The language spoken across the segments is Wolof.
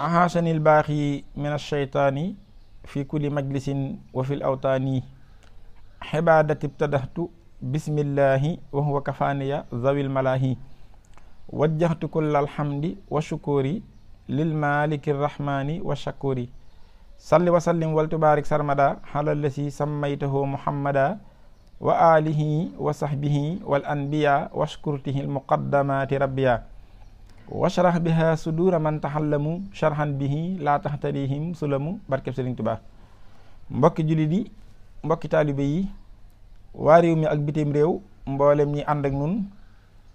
أحسن الباقي من الشيطان في كل مجلس وفي الأوطان حبادة ابتدأت بسم الله وهو كفاني ذوي الملاهي وجهت كل الحمد والشكر للمالك الرحمن والشكور صل وسلم ولتبارك سرمدا على الذي سميته محمدا وآله وصحبه والأنبياء وشكرته المقدمات ربيا washarax biha sudura man taxallamu bi bihi laa tax taxtarihim sulamu barkeb Sëriñ Tubaa mbokki jullit yi mbokki taalibe yi waa réew ak bitim réew mboolem ñi ànd ak nun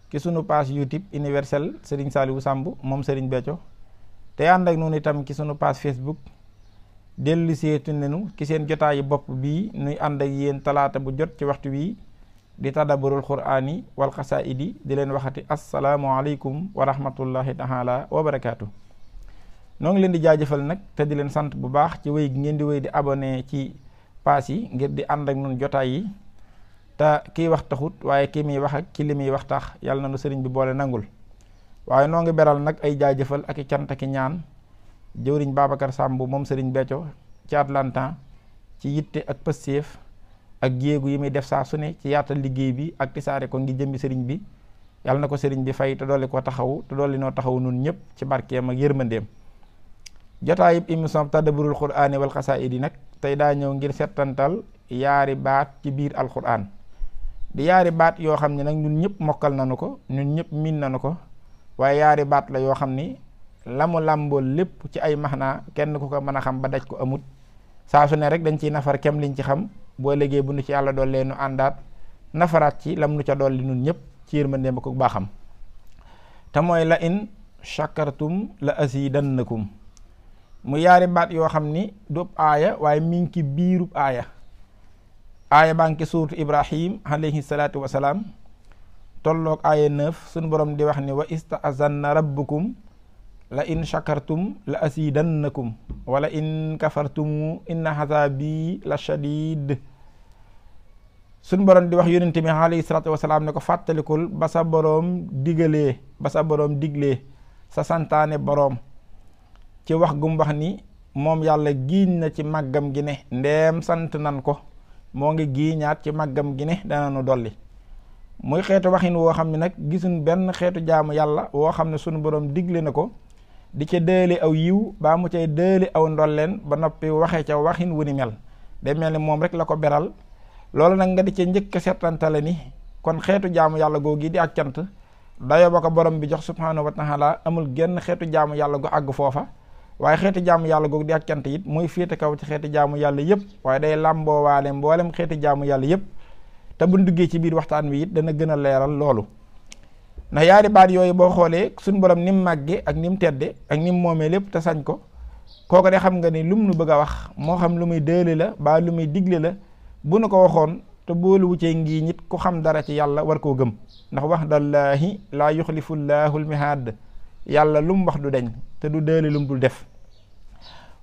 ki sunu page YouTube universel Serigne Saliou sàmb moom Serigne Béthio te ànd ak nun itam ci sunu page Facebook dellu seetu nenu ki seen jotaayu bopp bii nuy ànd ak yéen talaata bu jot ci waxtu wii di tadabburul qur'aani wal xasaa'idi di leen waxati asalaamualeykum wa rahmatullahi taala wa barakaatu. noo ngi leen di jëfal nag te di leen sant bu baax ci wéy gi ngeen di wéy di abonné ci paas yi ngir di ànd ak nun jotaay yi te kiy wax taxut waaye ki muy wax ak ki li muy wax tax yàlla na nu sëriñ bi boole nangul waaye noo ngi beral nag ay jaajëfal ak i cant ak i ñaan jëwriñ Babacar Samb moom sëriñ Béthio ci Atlanta ci yitte ak pëstéef ak jéegu yi muy def saa su ne ci yaatal liggéey bi ak tisaare ko ngi jëmbi sëriñ bi yàlla na ko sëriñ bi fay te dolli ko taxawu te dolli noo taxawu nun ñëpp ci barkeem ak yërmandeem jotaayib émission tadabburul qur'aani wal xasaa'id yi nag tey daa ñëw ngir settantal yaari baat ci biir alqur'aan di yaari baat yoo xam ne nag ñun ñëpp mokkal nañu ko ñun ñëpp miin nañu ko waaye yaari baat la yoo xam ni la mu làmbool lépp ci ay maxnaa kenn ku ko mën a xam ko amut saa su ne rek boo liggéey bu nu ci yàlla dool leenu àndaat nafaraat ci lam nu ca dolli nun ñëpp ci yërmandeem ko baaxam te mooy la in shakartum la azidannakum mu yaari baat yoo xam ni du aaya waaye mi biiru ci aaya aaya baa ngi ci suuratu ibrahim alayhi salaatu wasalaam tolloog aaya neuf suñu borom di wax ni wa istazanna rabbukum la in shakartum la azidannakum wa la in kafartum inna hazabi la shadid sun borom di wax yonente mi alayhi salaatu wasalaam ne ko fatalikul ba sa borom digele ba sa borom digle sa santane borom ci wax gum wax ni mom yalla giñ na ci magam gi ne ndem sant nan ko mo ngi giñat ci magam gi ne dana nu dolli muy xéetu waxin wo xamni nak gisun ben xéetu jaamu yalla wo xamni sun borom digle nako di ca dëeli aw yiw baa mu cay dëeli aw ndolleen ba noppi waxee ca waxin wu ni mel day mel ni moom rek la ko beral loolu nag nga di ca njëkk a seetantale ni kon xeetu jaamu yàlla googu di ak cant dayoo ba ko borom bi jox subhaanahu wa taala amul genn xeetu jaamu yàlla gu àgg foofa waaye xeeti jaamu yàlla googu di ak cant it muy féete kaw ci xeetu jaamu yàlla yëpp waaye day làmboowaale mboolem xeeti jaamu yàlla yëpp te bu duggee ci biir waxtaan wi it dana gën a leeral loolu ndax yaari baat yooyu boo xoolee suñ borom ni mu màggee ak ni mu tedde ak ni mu moomee lépp te sañ ko kooku de xam nga ni lum nu bëgg a wax moo xam lu muy dëële la ba lu muy digle la bu nu ko waxoon te boolu wuccee ngi nit ku xam dara ci yàlla war koo gëm ndax wax dallaahi laa yuxlifullaahu lmihaad yàlla lu mu wax du deñ te du dëële lum dul def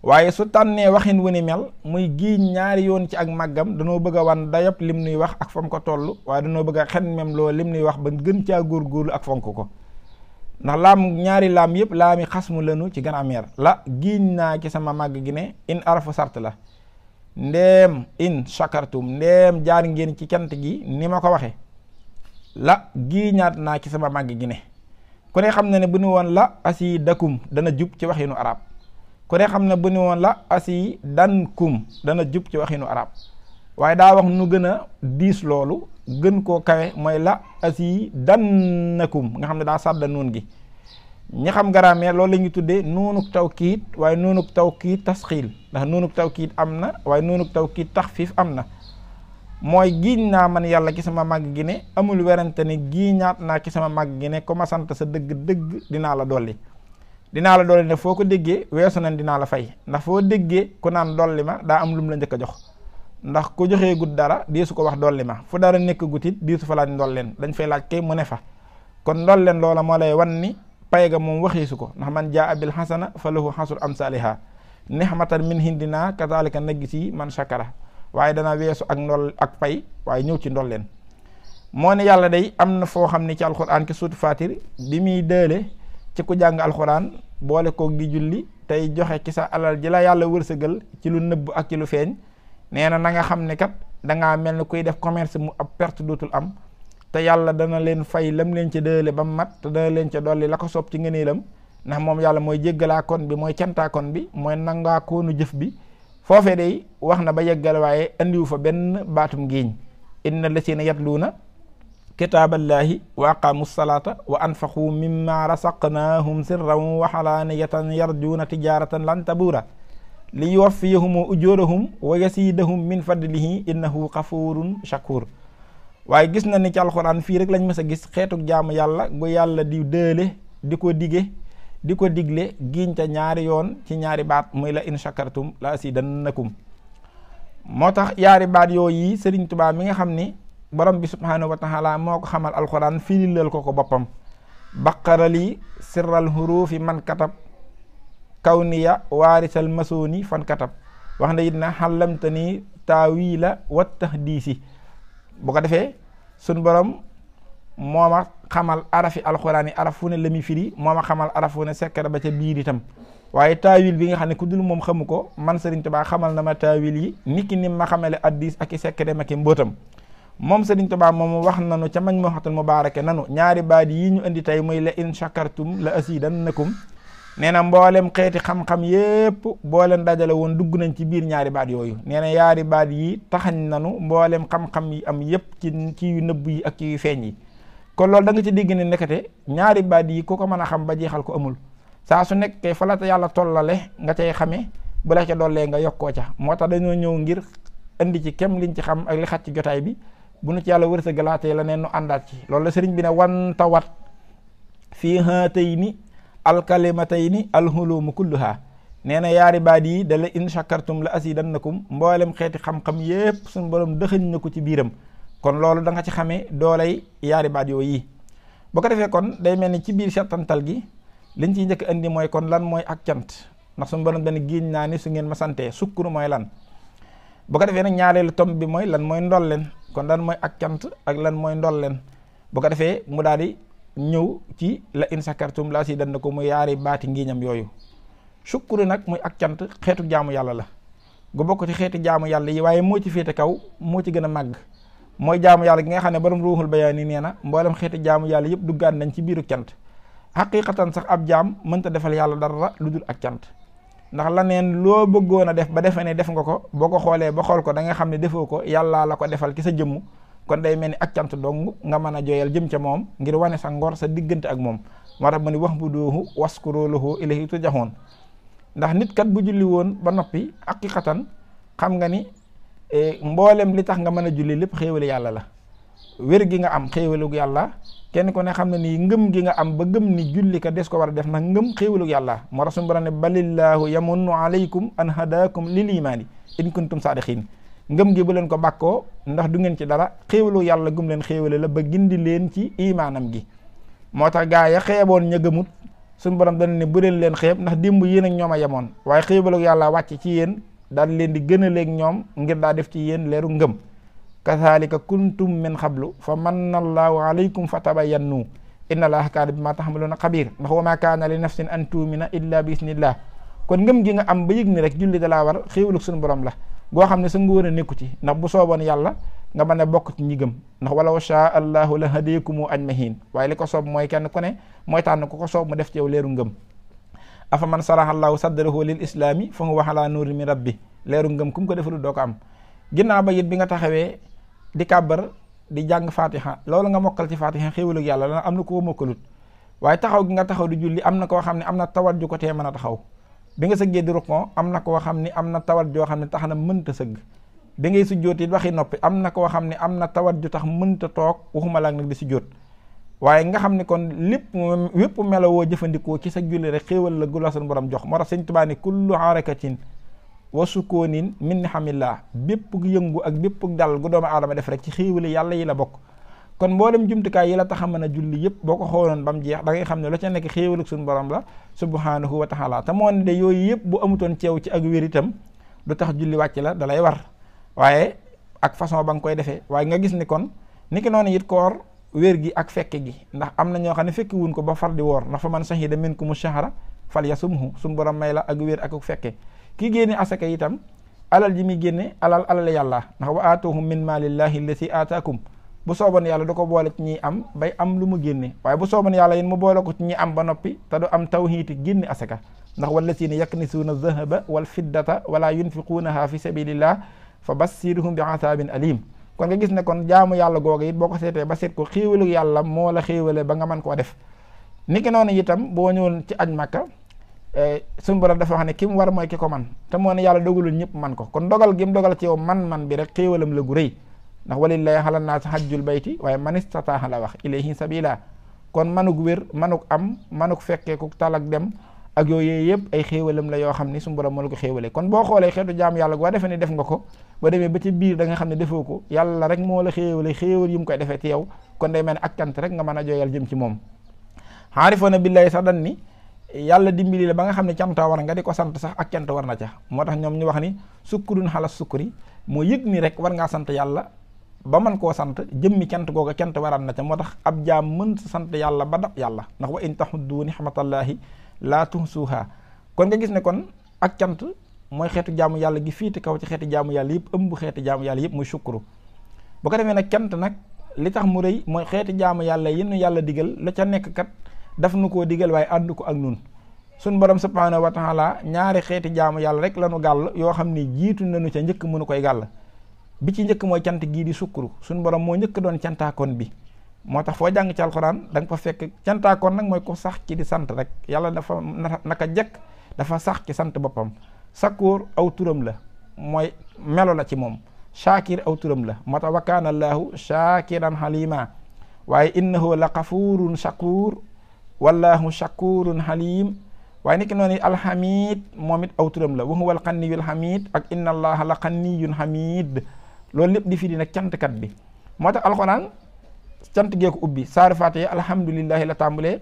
waaye su tànnee waxin wu ni mel muy giiñ ñaari yoon ci ak màggam danoo bëgg a wan dayab lim nuy wax ak fam ko toll waaye danoo bëgg a xen mem loo lim nuy wax ba gën caa góorgóorlu ak fonk ko ndax laam ñaari laam yëpp laami xasmu leenu ci grammaire la giiñ naa ci sama màgg gi ne in arafu sart la ndeem in shakartum ndeem jaar ngeen ci cant gi ni ma ko waxe la giiñaat naa ci sama màgg gi ne ku ne xam na ne bu ñu woon la asi dakum dana jub ci waxinu arab ku ne xamne bu ni won la asi dan kum dana jup ci waxinu arab waye daa wax nu gëna dis lolu gën ko kawé moy la asi dan nakum nga xamne da daa nun gi ñi xam garamé lolu lañu tuddé nunuk tawkid waye nunuk tawkid tawkiit tasxiil nunuk nuunuk amna amna, nunuk nunuk nuunuk tawkiit amna am na man yalla ki sama mag gi ne amul werante ne giiñaat sama mag gi ne ko ma sante sa deug deug dina la doli dinaa la doole ne foo ko déggee weesu nañ dinaa la fay ndax foo déggee ku naan dool li ma daa am lum la njëkk jox ndax ku joxee gut dara diisu ko wax dolli ma fu dara nekk gut it diisu fa laaj leen dañ fay laaj kay mu ne fa kon ndolleen loola moo lay wan ni pay ga moom waxiisu ko ndax man jaa abil xasana fa lahu xasru amsaaliha nixmatan min hindina kazalika najzi man shakara waaye dana weesu ak ndol ak pay waaye ñëw ci ndolleen moo ne yàlla day am na foo xam ne ci alquran ki suutu fatir bi muy ci ku jàng alxuraan boole koog di julli tey joxe ci sa alal ji la yàlla wërsëgal ci lu nëbb ak ci lu feeñ nee na na nga xam ne kat dangaa mel ni kuy def commerce mu ab perte dootul am te yàlla dana leen fay lam leen ca dëële ba mu mat te dana leen ca dolli la ko soob ci ngëneelam ndax moom yàlla mooy jéggalaakoon bi mooy cantaakoon bi mooy nangaakoonu jëf bi foofee day wax na ba yeggal waaye andiwu fa benn baatum ngiiñ indi na inna lasina na kitaaballaahi wa aqaamu salaata wa anfaqu mimma rasaqnaahum sirran wa xalaaniyatan yarjuuna tijaaratan lan tabuura li yuwaffiyahum ujuurahum wa yasiidahum min fadlihi innahu xafuurun shakuur waaye gis na ni ci alxuraan fii rek lañ mës a gis xeetuk jaamu yàlla gu yàlla di dëële di ko dige di ko digle giñ ca ñaari yoon ci ñaari baat muy la in shakartum la asidannakum moo tax yaari baat yooyu Sëriñ Tuubaa mi nga xam ni borom bi subhaanahu wa taala moo ko xamal alquran firilal ko ko boppam baqarali sirral hurufi man katab kawniya waarisal masoni fan katab wax na it na xàllamte ni taawila wa tahdiisi bu ko defee sun borom moo ma xamal arafi alxuraan araf fu ne la muy firi moo ma xamal araf fu ne sekkara ba ca biir itam waaye taawil bi nga xam ne ku dul moom xamu ko man Sëriñ Tuubaa xamal na ma taawil yi nit ki ni ma xamale addis ak i sekkare ma ki mbootam moom Sëriñ Tuubaa moom wax nanu ca mañ Majmuhatul Mubaaraka nanu ñaari baat yi ñu indi tey muy la in shakartum la azidannakum nee na mboolem xeeti xam-xam yépp boo leen dajale woon dugg nañ ci biir ñaari baat yooyu nee na ñaari baat yi taxañ nanu mboolem xam-xam yi am yépp ci ci nëbb yi ak ci yu feeñ kon loolu da nga ci dégg ne ñaari baat yi ku ko mën a xam ba jeexal ko amul saa su nekkee fa la yàlla tollale nga cay xamee bu la ca dollee nga yokkoo ca moo tax dañoo ñëw ngir indi ci kem liñ ci xam ak li xat ci jotaay bi bu nu ci yàlla galaatee la neen nu àndaat ci loolu la sëriñ bi ne wan tawat fii haatayni alkalimatayni alhulumu kulluha nee na yaari baat yi dala in shakartum la asidannakum mboolem xeeti xam-xam yépp suñu borom dëxëñ na ko ci biiram kon loolu danga ci xamee doolay yaari baat yooyu yi boo ko defee kon day mel ni ci biir setantal gi liñ ciy njëkk indi mooy kon lan mooy ak cant ndax suñu borom dana giiñ naa ni su ngeen ma santee sukkuru mooy lan bu ko defee nag ñaareelu tomb bi mooy lan mooy ndolleen kon lan mooy ak cant ak lan mooy ndolleen bu ko defee mu daal di ñëw ci la in sakartum la si dana ko mu yaari baati ngiiñam yooyu sukkuru nag muy ak cant xeetu jaamu yàlla la gu bokk ci xeeti jaamu yàlla yi waaye moo ci féete kaw moo ci gën a màgg mooy jaamu yàlla gi nga xam ne borom ruuxul bayaan yi nee na mboolem xeeti jaamu yàlla yëpp duggaan nañ ci biiru cant xaqiqatan sax ab jaam mënta defal yàlla dara lu dul ak cant ndax la neen loo bëggoon a def ba defe ne def nga ko boo ko xoolee ba xool ko da xam ne defoo ko yàllaa la ko defal ci sa jëmm kon day mel ni ak cant dong nga mën a jooyal jëm ca moom ngir wane sa ngor sa diggante ak moom moo ma mu ne wax bu doo doohu waskuru lahu ilayhi tujaxoon ndax nit kat bu julli woon ba noppi ak haqiqatan xam nga ni eh, mboolem li tax nga mën a julli lépp xéewale yàlla la wér gi nga am xéewalu yàlla kenn ko ne xam na nii ngëm gi nga am ba ngëm ni julli ka des ko war a def nag ngëm xéewalu yàlla moo tax suñu borom ne balillaahu yamunnu aleykum an hadakum lil imaani in kuntum saadiqin ngëm gi bu leen ko bàkkoo ndax du ngeen ci dara xéewalu yàlla gum leen xéewale la ba gindi leen ci imaanam gi moo tax gaa ya xeeboon ña gëmut suñu borom dana ne bu leen leen xeeb ndax démb yéen ak ñoom a yemoon waaye xéewalu yàlla wàcc ci yéen daal leen di gën a léeg ñoom ngir daa def ci yéen leeru ngëm كذلك كنتم من قبل فمن الله عليكم فتبينوا ان الله كان بما تحملون خبير taxmaluna ما كان لنفس ان تؤمن الا باذن الله كون illa جيغا ام با ngëm gi جولي دا لا وار ni سن بروم لا war خامني suñu borom la goo نا بو صوبون يالا nga mané bok ci ñi gëm ndax wala sha allah la hadikum ajmahin way li ko soob mooy kenn ku ne moy tan ku ko soob mu def ci yow leeru ngëm afa man saraha allah sadrahu lil islam fa huwa ala nuuri min rabbi leeru ngëm kum ko defalu do ko am ginnaba yit bi nga taxawé di kàbbar di jàng fatiha loolu nga mokkal ci fatiha xéwalug yàlla la am na koo mokkalut waaye taxaw gi nga taxaw di julli am na koo xam ne am na tawat ju ko tee mën a taxaw bi nga sëggee di rukkoo am na koo xam ne am na tawat joo xam ne tax na mënta sëgg bi ngay sujjoot it waxi noppi am na koo xam ne am na tawat ju tax mënta toog waxuma laak nag di sujjoot waaye nga xam ne kon lépp wépp melowoo jëfandikoo ci sa julli rek xéewal la gulasan borom jox moo tax sëñ Tuubaa ni kullu harakatin wa sukoonin min hamillah bépp yëngu ak bépp dal gu doomu aadama def rek ci xéewali yàlla yi la bokk kon mboolem jumtukaay yi la tax a mën a julli yëpp boo ko xooloon ba mu jeex da ngay xam ne la ca nekk xéewalu suñu borom la subhanahu te moo ne de yooyu yëpp bu amutoon ceew ci ak wér itam du tax julli wàcc la da lay war waaye ak façon ba nga koy defee waaye nga gis ni kon niki noonu it koor wér gi ak fekke gi ndax am na ñoo xam ne fekki wuñ ko ba far di woor ndax fa man shahida minkum shahra falyasumhu suñu borom may la ak wér ak fekke ki génne asaka itam alal ji muy génne alal alal yàlla ndax wa aatuhum min maalillahi allati aataakum bu sooban yàlla du ko boole ci ñi am bay am lu mu génne waaye bu sooban yàlla yéen mu boole ko ci ñi am ba noppi te du am tawhiiti génne asaka ndax wallazina yaknisuuna zahaba wal fiddata wala yunfiquunaha fi sabilillah fa bassirhum bi asaabin alim kon nga gis ne kon jaamu yàlla googu it boo ko seetee ba seet ko xéewalu yàlla moo la xéewale ba nga mën koo def niki noonu itam boo ñëwoon ci aj Makka Eh, suñu borom dafa wax ne ki mu war mooy ki ko man te moo ne yàlla dogalul ñëpp man ko kon dogal gi dogal ci yow man-man bi rek xéewalam la gu rëy ndax walillahi ala naas hajjul bayti waaye man istataaha la wax ilayhi sabila kon manuk wér manuk am manuk fekkee ku tal ak dem ak yooyu yëpp ay xéewalam la yoo xam ni suñu borom moo la ko xéewale kon boo xoolee xeetu jaam yàlla goo defee ne def nga ko ba demee ba ci biir da nga xam ne defoo ko yàlla rek moo la xéewale xéewal yu mu koy defee ci yow kon day mel ne ak kant rek nga mën a jooyal jëm ci moom xaarifoona billahi sax dan ni yàlla dimbali la ba nga xam ne cant war nga di ko sant sax ak cant war na ca moo tax ñoom ñu wax ni sukkurun xalas sukkuri moo yëg ni rek war ngaa sant yàlla ba man koo sant jëmmi cant googa cant waraan na ca moo tax ab jaam mën sant yàlla ba dab yàlla ndax wa in taxuddu nixmatallaahi laa tuhsuha kon nga gis ne kon ak cant mooy xeetu jaamu yàlla gi te kaw ci xeeti jaamu yàlla yëpp ëmb xeeti jaamu yàlla yëpp muy sukkuru bu ko defee nag cant nag li tax mu rëy mooy xeeti jaamu yàlla yi nu yàlla digal la ca nekk kat daf nu ko digal way andu ko ak nun sun borom subhanahu wa taala ñaari xéeti jaamu yalla rek lañu gal yo xamni jitu nañu ca ñëk mënu koy gal bi ci ñëk moy cyant gi di sukkuru sun borom mo ñëk doon kon bi motax fo jang ci alquran dang fa fekk kon nak moy ko sax ci di sante rek yalla dafa naka jek dafa sax ci sante bopam sakur aw turam la moy melo la ci mom shakir aw turam la mata wakana wa shakiran halima waaye innahu laqafurun shakur wallahu shakurun halim waaye nekk noonu alhamid moom it aw turam la wa huwa alqanniyul hamid ak inna allaha la qanniyun hamid loolu lépp di firi nag cantkat bi moo tax alxuraan cant gee ko ubbi saar faatiha alhamdulillahi la tàmbalee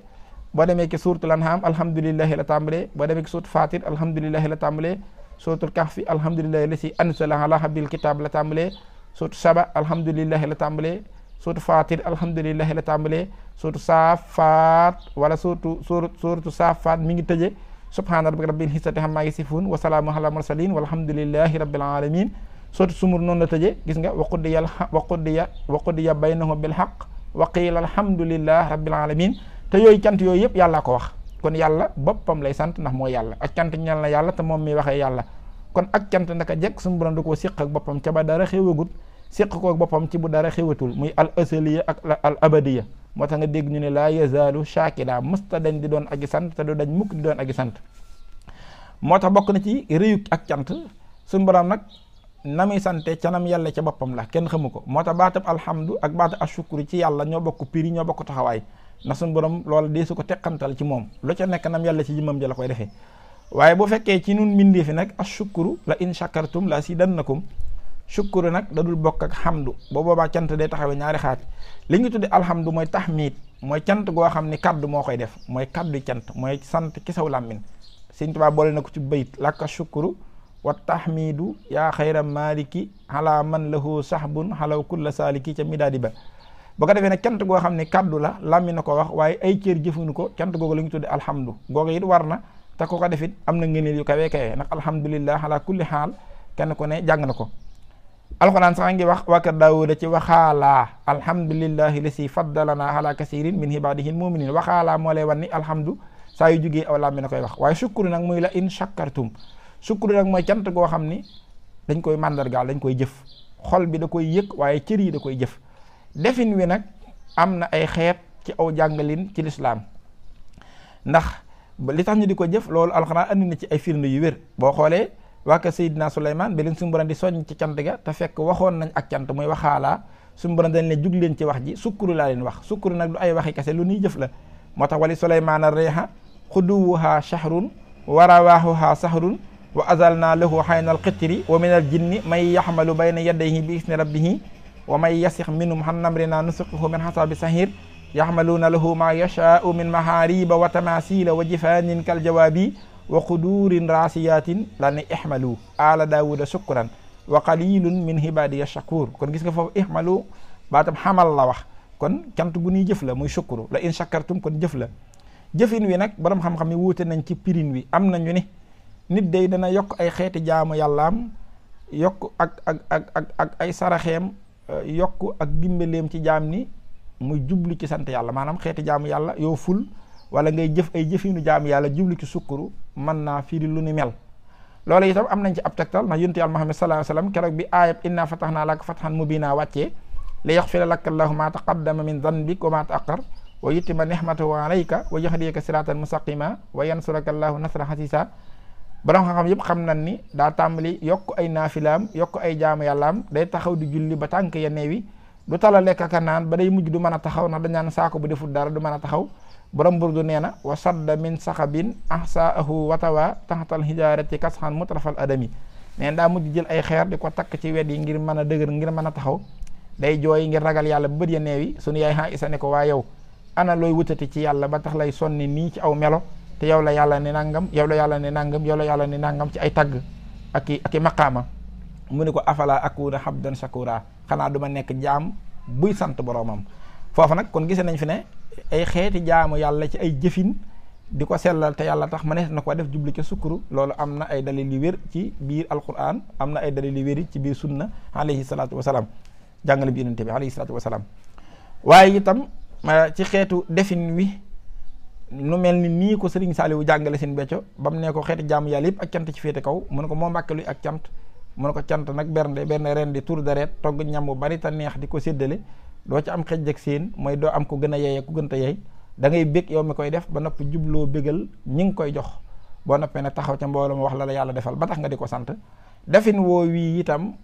boo demee ci suuratul an'aam alhamdulillahi la tàmbalee boo demee ci suuratul faatir alhamdulillahi la tàmbalee suuratul kahfi alhamdulillahi la si anzala ala abdil kitaab la tàmbalee suuratul saba alhamdulillahi la tàmbalee suuratu faatir alhamdulillahi la tàmbalee suuratu saafaat wala suuratu suuratu saafaat mi ngi tëje subhaana rabbika rabbil izzati si yasifuun wa salaamun alal mursaliin walhamdulillahi rabbil aalamiin suuratu sumur noonu la tëje gis nga wa qudiya wa qudiya wa qudiya baynahum bil haqq wa qiila alhamdulillahi rabbil aalamiin te yooyu cant yooyu yëpp yàlla ko wax kon yàlla boppam lay sant nax mooy yàlla ak cant ñeel na yàlla te moom mi waxee yàlla kon ak cant naka jekk suñu borom da koo siq ak boppam ca ba dara xewagut ko koog boppam ci bu dara xewatul muy al asaliya ak al abadiya moo ta nga dégg ñu ne laa yazaalu shaakira mësta dañ di doon aji sant te du dañ mukk di doon aji sant moo tax bokk na ci réyu ak cant suñu borom nag na muy sante canam yàlla ca boppam la kenn xamu ko moo tax baatab alhamdu ak baatab ashukuru ci yàlla ñoo bokk piri ñoo bokk taxawaay ndax suñu borom loolu dee su ko teqantal ci moom lu ca nekk nam yàlla ci jëmmam ja la koy defee waaye bu fekkee ci nun mbindee fi nag ashukuru la in shakartum la si dannakum sukkuru nag da dul bokk ak xamdu boo booba cant day taxawee ñaari xaaj li ñu tudde alhamdu mooy tahmid mooy cant goo xam ni kaddu moo koy def mooy kaddu cant mooy sant ki làmmin Sëñ Tuubaa boole na ko ci bayit lakka sukkuru wa tahmidu yaa xayra maliki ala man lahu sahbun xalaw kulla saaliki ca midaadi ba boo ko defee nag cant goo xam ne kaddu la làmmi na ko wax waaye ay cër jëfuñu ko cant googu la ñu tudde alhamdu googu it war na te ko ko defit am na ngëneel yu kawee kawee ndax alhamdulillah ala kulli xaal kenn ku ne jàng na ko alquran sa ngi wax wa ka daawuda ci waxala alhamdulillah lisi faddalana ala kaseerin min ibadihi almu'minin waxaalaa moo lay wan wani alhamdu sa yu joge aw làmmi na koy wax way shukru nak moy la in shakartum shukru nak moy cant go xamni dañ koy gal dañ koy jëf xol bi da koy yek waye cër yi da koy jëf defin wi nak amna ay xeet ci aw jangalin ci l'islam ndax li tax ñu diko jëf loolu alquran andi na ci ay firnu yu wër bo xolé waaka Seydina Souleymane ba leen suñu borom di soññ ci cant ga te fekk waxoon nañ ak cant muy waxaalaa suñu borom dañ leen jug leen ci wax ji sukkuru laa leen wax sukkuru nag du ay waxi kese lu nuy jëf la moo tax wali Souleymane a reexa xuduwuhaa shahrun wa rawaahuhaa sahrun wa azalna lahu xaynal xitri wa minal jinni may yaxmalu bayna yadayhi bi isni rabbihi wa may yasix minhum xan namrina nusuqihu min xasaabi sahir yaxmaluuna lahu maa yashaau min mahaariba wa tamaasila wa jifaanin kal jawaabi wa quduurin raasiyaatin la ne ihmalu ala daawuda shukran wa qalilun min hibaadiya shakur kon gis nga foofu ihmalu baatam xamal la wax kon cant gu nuy jëf la muy shukru la in shakartum kon jëf la jëfin wi nag borom xam-xam yi wuute nañ ci pirin wi am nañu ne nit day dana yokk ay xeeti jaamu yàllaam yokk ak ak ak ak ay saraxeem euh, yokk ak dimbaleem ci jaam ni muy jublu ci sant yàlla maanaam xeeti jaamu yàlla yoo ful wala ngay jëf ay jëfinu jaam yàlla jublu ci man na fi firi lu ni mel lolé itam am nañ ci ab tektal na yonent Muhammad sallallahu Alaihi Wasallam sallam bi ayat inna fatahna lak fathan mubina wàccee li yaxfira lak allahu ma taqaddama min danbik wa ma ta'akhkhar wa yutima nihmatahu alayka wa yahdika siratan mustaqima wa yansuraka allahu nasra hasisa borom xam-xam xam nañ ni da tambali yok ay nafilam yok ay jaamu am day taxaw di julli ba tank ya newi du tala lek ka nan ba day mujj du mën taxaw na dañ nan saako bu dara du taxaw borom burdu nee na wa sadda min saxabin ahsaahu watawa taxatal hijaarati kasxan mutrafal adami neen daa mujj jël ay xeer di ko takk ci wet yi ngir mën a dëgër ngir mën a taxaw day jooy ngir ragal yàlla ba bët ya neewi sunu yaay xa isa ne ko waa yow ana looy wutati ci yàlla ba tax lay sonni nii ci aw melo te yow la yàlla ne nangam yow la yàlla ne nangam yow la yàlla ni nangam ci ay tagg ak i maqaama mu ni ko afala akuna habdan shakura xanaa du nekk jaam buy sant boroomam foofu nag kon gisee nañ fi ne ay xeeti jaamu yàlla ci ay jëfin di ko sellal te yàlla tax mënees na ko def jubli ca sukkuru loolu am na ay dalil yi wér ci biir alquran am na ay dalil yi wér ci biir sunna alayhi salaatu wasalaam jàngale bi yonente bi alayhi salaatu wasalaam waaye itam eh, ci xeetu defin wi lu mel ni nii ko Sëriñ Saaliwu jàngale seen becco ba mu ne ko xeeti jaamu yàlla yëpp ak cant ci féete kaw mu ne ko moo mbàkke luy ak cant mu ne ko cant nag bernde benn ren di tour de ret ñam bu bari te neex di ko séddale do ci am xejjek seen moy do am ku gëna a yeye ku gën a yey da ngay bég yow mi koy def ba nopp jublo bégal ñi ngi koy jox bo noppee nag taxaw ci mbolo mu wax la la yalla defal ba tax nga diko sant defin woo wi itam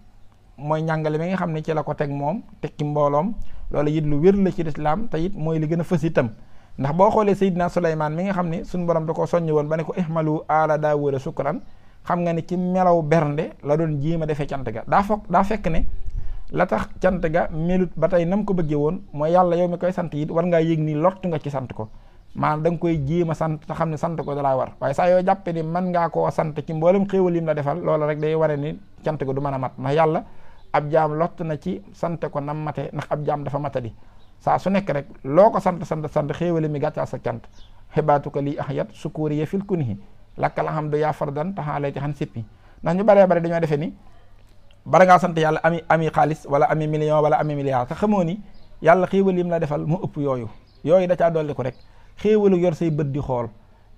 moy njàngale mi nga xam ne ci la ko mom tek ci mbolom loolu yit lu wér la ci l'islam te it mooy li gëna fess itam ndax bo xoolee sayyidina sulayman mi nga xam ne borom da ko soññ won ba ko ihmalu ala daawuda sukran xam nga ne ci melaw bernde la doon jima defé defee ga da foog ne la tax cant ga melut ba tey nam ko bëggee woon mooy yàlla yow mi koy sant yit war ngaa yëg nii lott nga ci sant ko maanaam da koy jéem a sant te xam ne sant ko dalaa war waaye saa yoo jàppe ni mën ngaa koo sant ci mboolem xéewal yim la defal loola rek day ware ni cant ko du mën a mat ndax yàlla ab jaam lott na ci sant ko nam mate ndax ab jaam dafa matadi saa su nekk rek loo ko sant sant sant xéewali mi gàccaal sa cant xibaatuka lii ahyat sukuuri ya fil kunihi lakkal hamdu yaa fardan taxaalee ci xan sippi ndax ñu baree bare dañoo defee ni bara ngaa sant yàlla ami ami xaalis wala ami million wala ami milliard te xamoo ni yàlla xéewal yim la defal mu ëpp yooyu yooyu da caa dolli ko rek xéewalu yor say bët di xool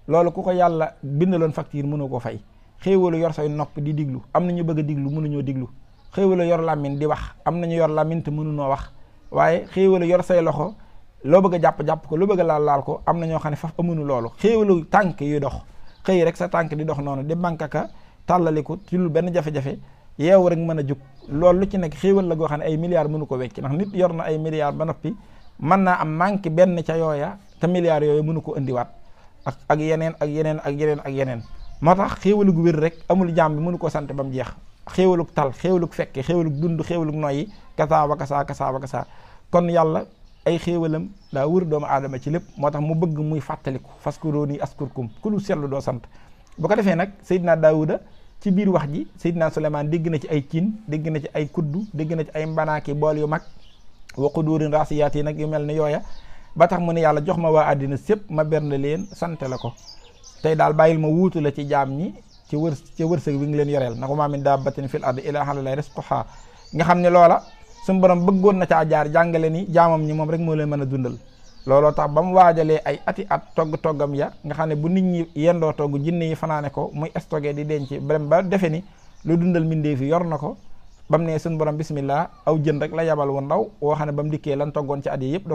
loolu ku ko yàlla bindaloon facture mënu ko fay xéewalu yor say nopp di diglu am na ñu bëgg a diglu mënuñoo diglu xéewalu yor làmmiñ di wax am nañu yor làmmiñ te mënunoo wax waaye xéewalu yor say loxo loo bëgg jàpp-jàpp ko lu bëgg laal laal ko am na ñoo xam ne faf amuñu loolu xéewalu tànk yu dox xëy rek sa tànk di dox noonu di mànkaka ko ci lu benn jafe-jafe yeewu rek mën a jug loolu lu ci nekk xéewal la goo xam ne ay milliards mënu ko wecc ndax nit yor na ay milliards ba noppi mën naa am manqué benn ca yooya te milliards yooyu mënu ko indiwaat ak ak yeneen ak yeneen ak yeneen ak yeneen moo tax xéewalu gu wér rek amul jaam bi mënu ko sant ba mu jeex xéewalug tal xéewalug fekke xéewalug dund xéewalug noyyi kasaa wa kasaa kasaa wa kasaa kon yàlla ay xéewalam daa wër doomu aadama ci lépp moo tax mu bëgg muy fàttaliku faskurooni askurkum ku lu seetlu doo sant bu ko defee nag Seydina Daawuda ci bir wax ji sayyidina Souleymane dégg na ci ay kin dégg na ci ay kuddu dégg na ci ay mbanaaki bol yu mak wa qudurin rasiyati nak yu melni yoya ba tax mu ne yalla jox ma wa adina sepp ma bern leen sante la ko tey daal ma ci jam ñi ci ci wi ngi leen yorel nako min fil ard ila alaa llaahi rizquhaa nga xamni lola sun borom bëggoon na caa jaar jangale ni jamam ñi mom rek mo leen dundal lolo tax bam wajale ay ati at togg togam ya nga xane bu nit ñi yendo togg jinn yi fanane ko muy stocké di denc bam ba defé ni lu dundal minde fi yor nako bam ne borom bismillah aw jënd rek la yabal wu ndaw wo xane bam ba lan togon ci at yi da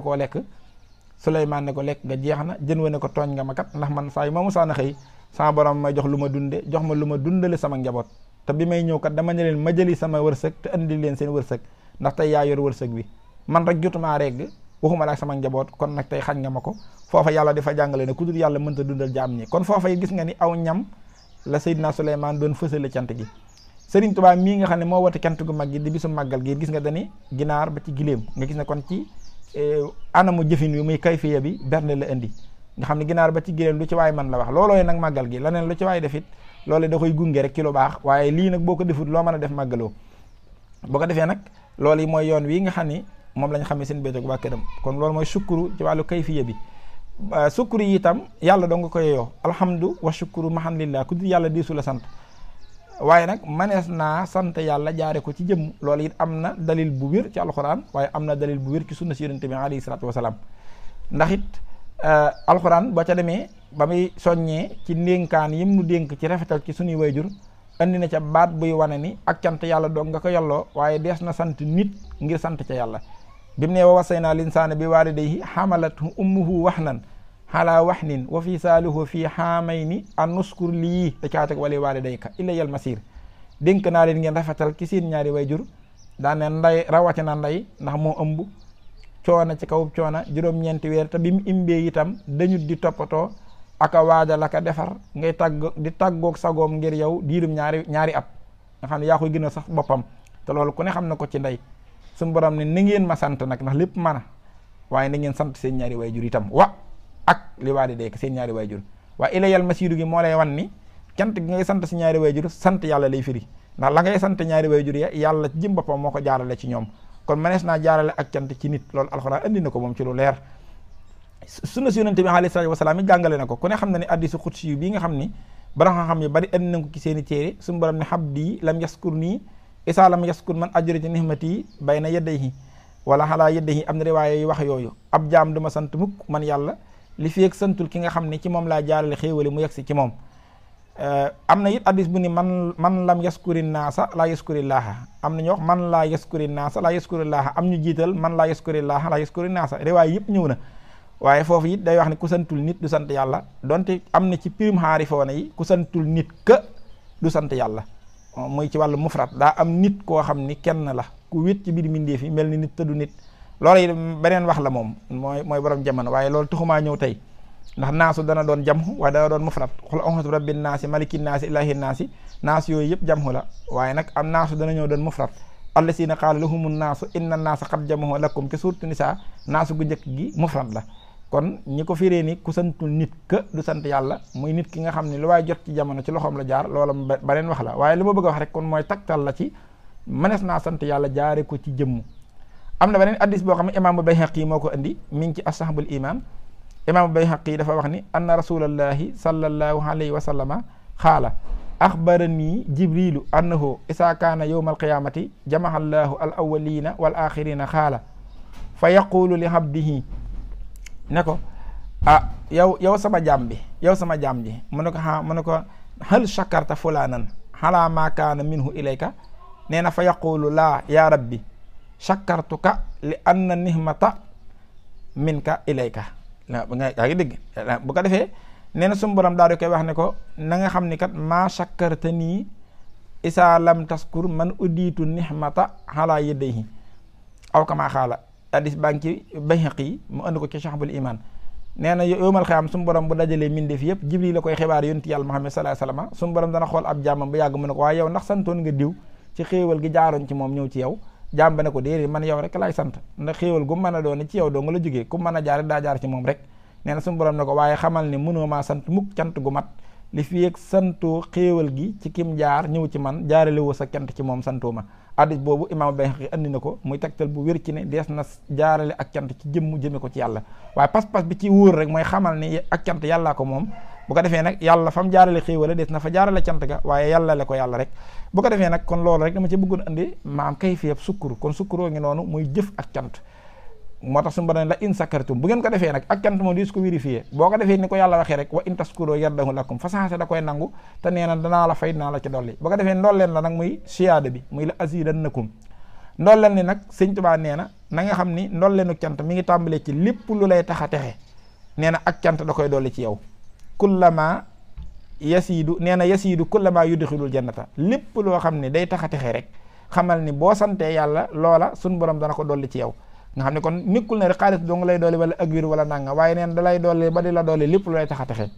ne ko jën ko togn nga ma kat ndax man say ma musa na xey sa borom may jox luma dundé jox ma luma ma sama njabot te bi may ñew kat dama ne ma jëli sama wërsek te andi leen seen wërsek ndax tay ya yor wërsek bi man rek jotuma reg waxuma laa sama njabot kon nak tay xagn nga mako fofa yalla difa jangale ne kudur yalla meunta dundal jam ni kon fofa gis nga ni aw ñam la Seydina sulayman don fësale cant gi Serigne Touba mi nga xamne mo wote woote gu maggi di bisu màggal gi gis nga dani ginar ba ci gilem nga gis na kon ci eh, anamu jëfin wi muy kayfiya bi bernde la indi nga xamne ginar ba ci gilem lu ci way man la wax lolo nak màggal gi lanen lu ci way defit lolo da koy gungé rek ci lu bax waye li nak boko defut lo meuna def magalo. boko defé nak nag moy wi nga xam moom lañ xamee seen béykat waa këram kon loolu mooy sukkuru ci wàllu kayfiya bi euh, sukkuru yi itam yàlla dong nga ko yeyoo alhamdu wa sukkuru mahan lillah ku di yàlla diisu la sant waaye nag manees naa sant yàlla jaare ko ci jëmm loolu it am na dalil bu wér ci alxuraan waaye am na dalil bu wér ci sunna si yonente bi alayhi salaatu wasalaam ndax it euh, alxuraan boo ca demee ba muy soññee ci ndénkaan yim mu dénk ci rafetal ci sunuy wayjur andi na ca baat buy wane ni ak cant yàlla dong nga ko yelloo waaye dees na sant nit ngir sant ca yàlla bimne wa wasayna al wasaynaa bi walidayhi hamalat ummuhu wahnan ala wahnin wa fisaaluhu fi xaamayni an nuskur li da caa teg wali waalidayka ilayal masir denk na len ngeen rafatal ki seen ñaari wayjur da ne nday na nday ndax mo ëmb coona ci kaw coona juróom-ñeenti weer ta bim imbe itam dañu di topato aka la ka defar ngay tag di tagok sagom ngir yow diirum ñaari ñaari at nga xam ya koy gëna sax bopam te ku ne xam ko ci nday sun borom ni ni ngeen ma sant nak ndax lepp man waye ni ngeen sant seen ñaari wayjur itam wa ak li waali de seen ñaari wayjur wa ila yal masiidu gi mo lay wan ni cant gi ngay sant seen ñaari wayjur sant yalla lay firi ndax la ngay sant ñaari wayjur ya yalla ci jimba boppam moko jaarale ci ñom kon manes na jaarale ak cant ci nit loolu alquran andi na mom ci lu leer sunna si yonente bi alayhi salatu wasalaam jangale nako ku ne xam na ne addisu xutsi nga xam ni xam yu bari andi nako ci seen téré sun borom ni habdi lam yaskurni isaa lam yaskun man ajrati nihmati bayna yadayhi wala xalaa yadayhi am na riwaaya yu wax yooyu ab jaam du sant mukk man yàlla li fi yegg santul ki nga xam ne ci moom laa jaarale xéewali mu yegsi ci moom eh, am na it addis bu ni man man lam yaskuri naasa laa yaskuri laaha am na ñu wax man laa yaskuri naasa laa yaskuri laaha am ñu jiital man laa yaskuri laaha laa yaskuri naasa riwaay yëpp ñëw na waaye foofu it day wax ne ku santul nit du sant yàlla donte am na ci prime xaarifoona yi ku santul nit ka du sant yàlla muy ci wàllu mufrat daa am nit koo xam ni kenn la ku wét ci biir mbindeef yi mel ni nit tëddu nit lool yi beneen wax la moom mooy mooy borom jamono waaye loolu taxumaa ñëw tey ndax naasu dana doon jamhu waaye dana doon mufrat xul onxatu rabbi naasi maliki naasi ilahi naasi naas yooyu yëpp jamhu la waaye nag am naasu dana ñëw doon mufrat allazina qaala lahumu naasu inna naasa qad jamahu lakum ci suurtu nisaa naasu gu njëkk gi mufrat la kon ñi ko firee ni ku santul nit ka du sant yàlla muy nit ki nga xam ne lu waaye jot ci jamono ci loxoom la jaar loola beneen wax la waaye li ma bëgg a wax rek kon mooy taktal la ci manees naa sant yàlla jaare ko ci jëmm am na beneen addis boo xam ne imaamu Bayhaqi moo ko indi mi ngi ci ashabul iman imaamu Bayhaqi dafa wax ni anna rasulallahi sallallahu alayhi wa sallama xaala axbarani jibrilu annahu isaa kaana yowma alqiyamati jamaha allahu al awalina wal axirina xaala fa yaqulu li abdihi ne ko ah yow yow sama jaam bi yow sama jaam ji mu ne ko a mu ne ko hal shakarta fulaanan xalaa maa kaana minhu ilayka nee na fa yaqulu laa yaa rabbi shakartuka li anna nihmata minka ilayka ngi dégg bu ko defee nee na suñu borom daal di koy wax ne ko na xam ni kat maa shakarta nii isaa lam taskur man udiitu nihmata xalaa yadayhi aw kamaa xaala addis baa ngi ci Bayhaqi mu andi ko ci Shu'abul Iman nee na yowmal xiyaam suñu borom bu dajalee mbindeef yëpp Jibril la koy xibaar yonent yàlla Muhammad sallallahu alayhi wasallam suñu borom dana xool ab jàmmam ba yàgg mu ne ko waaye yow ndax santoon nga diw ci xéewal gi jaaroon ci moom ñëw ci yow jàmm ba ne ko déedéet man yow rek laay sant ndax xéewal gu mana a doon ci yow doo nga la jógee ku mën a jaar daa jaar ci moom rek nee na suñu borom ne ko waaye xamal ne mënoo maa sant mukk cant gu mat li fi yeeg santoo xéewal gi ci kim jaar ñëw ci man jaarale woo sa cant ci moom santoo ma addis boobu imaam Bayhaqi andi na ko muy tegtal bu wér ci ne dees na jaarale ak cant ci jëmm jëme ko ci yàlla waaye pas-pas bi ci wóor rek mooy xamal ni ak cant yàllaa ko moom bu ko defee nag yàlla fa mu jaarale xéewale dees na fa jaarale cant ga waaye yàllale ko yàlla rek bu ko defee nag kon loolu rek dama ci bëggoon andi maam kayfiyab sukkur kon sukkuroo ngi noonu muy jëf ak cant moo tax suñu borom la in sakartum bu ngeen ko defee nag ak cant moom dis ko vérifié boo ko defee ni ko yàlla waxee rek wa in taskuro yardahu lakum fa saxase da koy nangu te nee na danaa la fay naa la ci dolli boo ko defee ndolleen la nag nag sëñ Tuubaa nee na na xam ni ndolleenu cant mi ngi tàmbalee ci lépp lu lay tax a texe nee na ak da koy dolli ci yow kullama yasiidu nee na yasiidu kullama yudxilul jannata lépp loo xam ni day tax a texe rek xamal ni boo santee yàlla loola suñu borom dana ko dolli ci yow nga xam ne kon nekkul ne rek xaalis dong lay doole wala ak wir wala nanga waaye da lay doole ba di la doole lépp lu a texe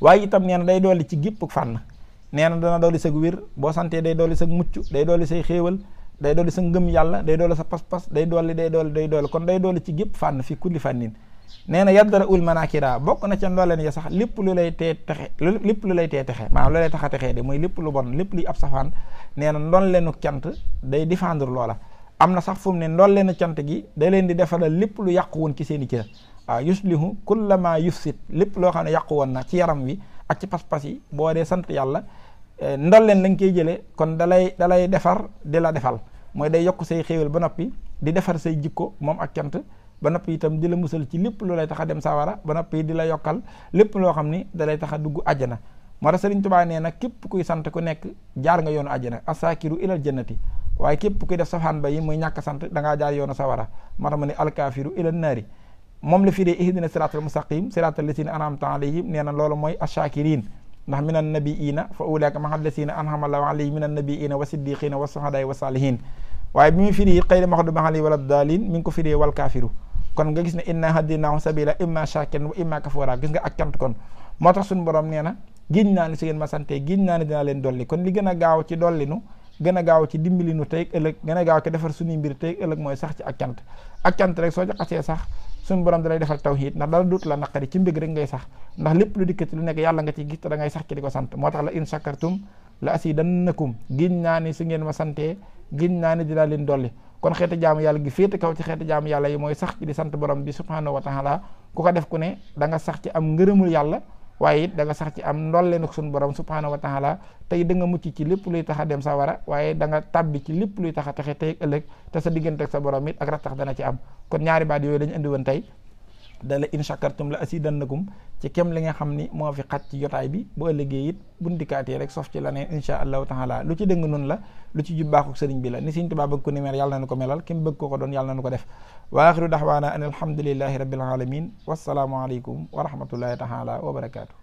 waaye itam nee na day doole ci gépp fànn nee na dana doole sag boo santee day doole sag mucc day doole say xéewal day doole sa ngëm yàlla day doole sa pas-pas day doole day doole day doole kon day doole ci gépp fànn fi kulli fànnin nee na yaddara ul manakira bokk na ca ndooleen ya sax lépp lu lay tee texe lépp lu lay tee texe maanaam lu lay tax a texee de mooy lépp lu bon lépp luy ab safaan nee na ndoon leenu cant day défendre loola am na sax fu mu ne ndollee na gi da leen di defaral lépp lu yàqu woon ci seen i cër waaw ah, yuslihu kullama yufsit lépp loo xam ne yàqu woon na ci yaram wi ak ci pas-pas yi boo dee sant yàlla eh, ndolleen la nga koy jëlee kon dalay dalay defar di la defal mooy day yokk say xéewal ba noppi di defar say jikko moom ak cant ba noppi itam di la musal ci lépp lu lay tax a dem sawara ba noppi di la yokkal lépp loo xam ni da lay tax a dugg àjjana moo tax Sëriñ Tuubaa nee na képp kuy sant ku nekk jaar nga yoonu àjjana asaakiru ilal jannati waaye képp kuy def safaan ba yi muy ñàkk sant dangaa jaar yoonu sawara moo tax mu ne alkaafiru ilan naari moom la firee ihdina siraatal mustaqim siraatal lasina an'amta alayhim nee na loolu mooy ashakirin ndax minan nabiina fa ulaaka maa lasina an'ama allahu alayhim minan nabiina wa siddiqina wa suhadaai wa saalihin waaye bi muy firi xëy na maxdu maxali wala daalin mi ngi ko firee wal kaafiru kon nga gis ne inna hadinaahu sabila imma shakiran wa imma kafura gis nga ak kon moo tax suñu borom nee na giñ naa ni su ngeen ma sante giñ naa ni dinaa leen dolli kon li gën a gaaw ci nu gëna gaaw ci dimbali nu tay ëlëk gëna gaaw ci defar suñu mbir tay ëlëk moy sax ci akant akant rek so jaxé sax suñu borom dalay defal tawhid ndax dara dut la nakari ci mbég rek ngay sax ndax lepp lu dikkati lu nek yalla nga ci gitt da ngay sax ci diko sante motax la in shakartum la asidannakum ginnani su ngeen ma sante ginnani naa ni leen dolli kon xeeti jaamu yalla gi féete kaw ci xeeti jaamu yalla yi moy sax ci di sante borom bi subhanahu wa taala ku ko def ku ne da nga sax ci am ngërëmul yalla waaye it da sax ci am ndolleenu suñu borom subhaanahu wa taala tey danga mucc ci lépp luy tax a dem sa wara waaye danga tàbbi ci lépp luy tax a texe tey ëllëg te sa diggante sa borom it ak rattax dana ci am kon ñaari baat yooyu lañu indi woon tey dala in shakartum la asidannakum ci kem li nga xam ni moo fi xat ci jotaay bi bu ëllëgee it bundikaatee rek sof ci la neen insha allahu taala lu ci dëng noonu la lu ci jubbaaxu sëriñ bi la ni Sëriñ Tuubaa bëgg ko ni yàlla na ko melal kim bëgg ko ko doon yàlla na ko def wa axiru daxwaana an alhamdulillahi rabbil alamin wassalaamu aleykum wa rahmatullahi taala wa barakaatu